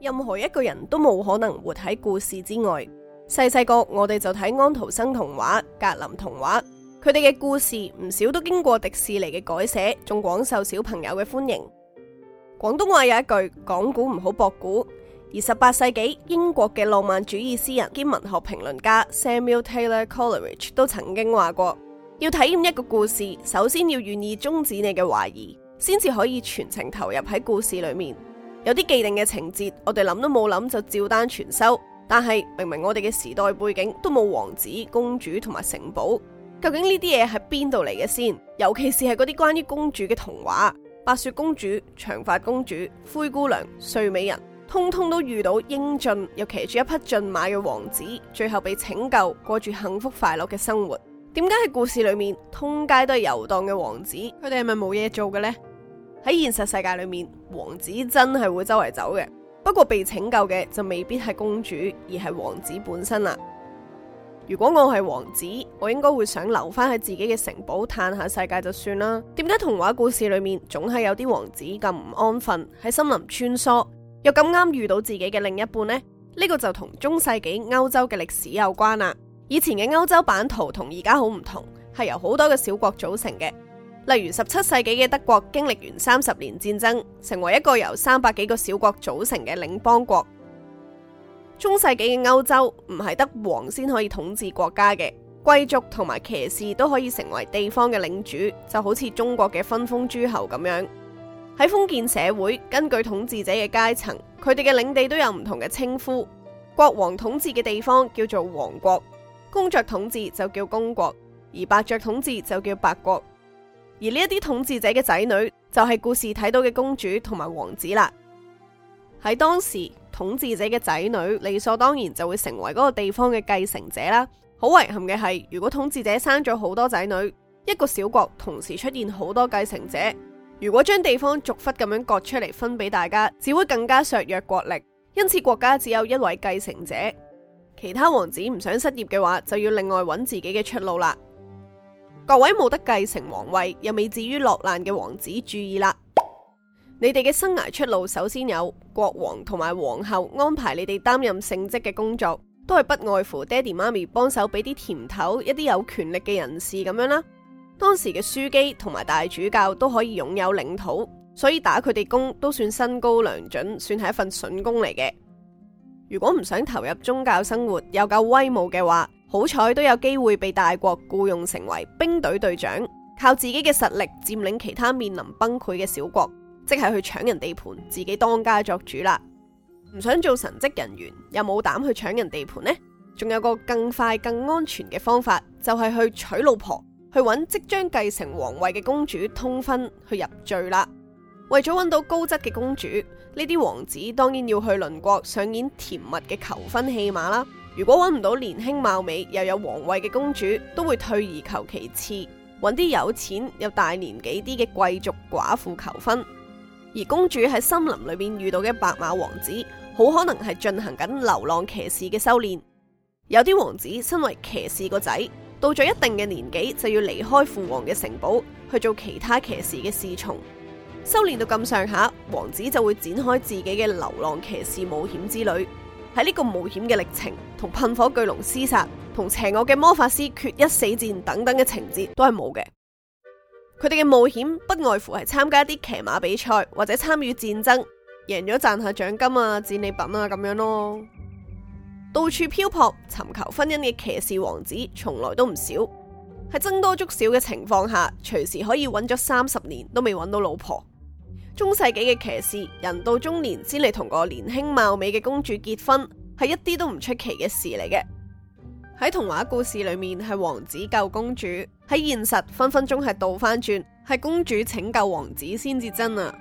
任何一個人都冇可能活喺故事之外。細細個我哋就睇安徒生童話、格林童話，佢哋嘅故事唔少都經過迪士尼嘅改寫，仲廣受小朋友嘅歡迎。廣東話有一句講古唔好駁古。而十八世紀英國嘅浪漫主義詩人兼文學評論家 Samuel Taylor Coleridge 都曾經話過：要體驗一個故事，首先要願意終止你嘅懷疑，先至可以全程投入喺故事裏面。有啲既定嘅情節，我哋諗都冇諗就照單全收。但係明明我哋嘅時代背景都冇王子、公主同埋城堡，究竟呢啲嘢係邊度嚟嘅先？尤其是係嗰啲關於公主嘅童話，白雪公主、長髮公主、灰姑娘、睡美人，通通都遇到英俊又騎住一匹駿馬嘅王子，最後被拯救，過住幸福快樂嘅生活。點解喺故事裏面，通街都係遊蕩嘅王子？佢哋係咪冇嘢做嘅呢？喺現實世界裏面，王子真係會周圍走嘅，不過被拯救嘅就未必係公主，而係王子本身啦。如果我係王子，我應該會想留返喺自己嘅城堡，嘆下世界就算啦。點解童話故事裏面總係有啲王子咁唔安分，喺森林穿梭，又咁啱遇到自己嘅另一半呢？呢個就同中世紀歐洲嘅歷史有關啦。以前嘅歐洲版圖同而家好唔同，係由好多嘅小國組成嘅。例如十七世紀嘅德國經歷完三十年戰爭，成為一個由三百幾個小國組成嘅領邦國。中世紀嘅歐洲唔係得王先可以統治國家嘅，貴族同埋騎士都可以成為地方嘅領主，就好似中國嘅分封諸侯咁樣。喺封建社會，根據統治者嘅階層，佢哋嘅領地都有唔同嘅稱呼。國王統治嘅地方叫做王國，公爵統治就叫公國，而伯爵統治就叫伯國。而呢一啲統治者嘅仔女就係故事睇到嘅公主同埋王子啦。喺當時，統治者嘅仔女理所當然就會成為嗰個地方嘅繼承者啦。好遺憾嘅係，如果統治者生咗好多仔女，一個小國同時出現好多繼承者，如果將地方逐忽咁樣割出嚟分俾大家，只會更加削弱國力。因此，國家只有一位繼承者，其他王子唔想失業嘅話，就要另外揾自己嘅出路啦。各位冇得繼承皇位又未至於落難嘅王子注意啦！你哋嘅生涯出路，首先有國王同埋皇后，安排你哋擔任聖職嘅工作，都係不外乎爹哋媽咪幫手俾啲甜頭，一啲有權力嘅人士咁樣啦。當時嘅樞機同埋大主教都可以擁有領土，所以打佢哋工都算身高良準，算係一份筍工嚟嘅。如果唔想投入宗教生活又夠威武嘅話。好彩都有機會被大國僱傭，成為兵隊隊長，靠自己嘅實力佔領其他面臨崩潰嘅小國，即係去搶人地盤，自己當家作主啦。唔想做神職人員，又冇膽去搶人地盤呢？仲有個更快、更安全嘅方法，就係、是、去娶老婆，去搵即將繼承皇位嘅公主通婚去入贅啦。為咗搵到高質嘅公主，呢啲王子當然要去鄰國上演甜蜜嘅求婚戲碼啦。如果揾唔到年輕貌美又有皇位嘅公主，都會退而求其次，揾啲有錢又大年紀啲嘅貴族寡婦求婚。而公主喺森林裏面遇到嘅白馬王子，好可能係進行緊流浪騎士嘅修煉。有啲王子身為騎士個仔，到咗一定嘅年紀就要離開父王嘅城堡，去做其他騎士嘅侍從。修煉到咁上下，王子就會展開自己嘅流浪騎士冒險之旅。喺呢個冒險嘅歷程，同噴火巨龍厮殺，同邪惡嘅魔法師決一死戰等等嘅情節都係冇嘅。佢哋嘅冒險不外乎係參加一啲騎馬比賽或者參與戰爭，贏咗賺下獎金啊、戰利品啊咁樣咯。到處漂泊尋求婚姻嘅騎士王子，從來都唔少，喺僧多粥少嘅情況下，隨時可以揾咗三十年都未揾到老婆。中世紀嘅騎士，人到中年先嚟同個年輕貌美嘅公主結婚，係一啲都唔出奇嘅事嚟嘅。喺童話故事裏面，係王子救公主，喺現實，分分鐘係倒翻轉，係公主拯救王子先至真啊！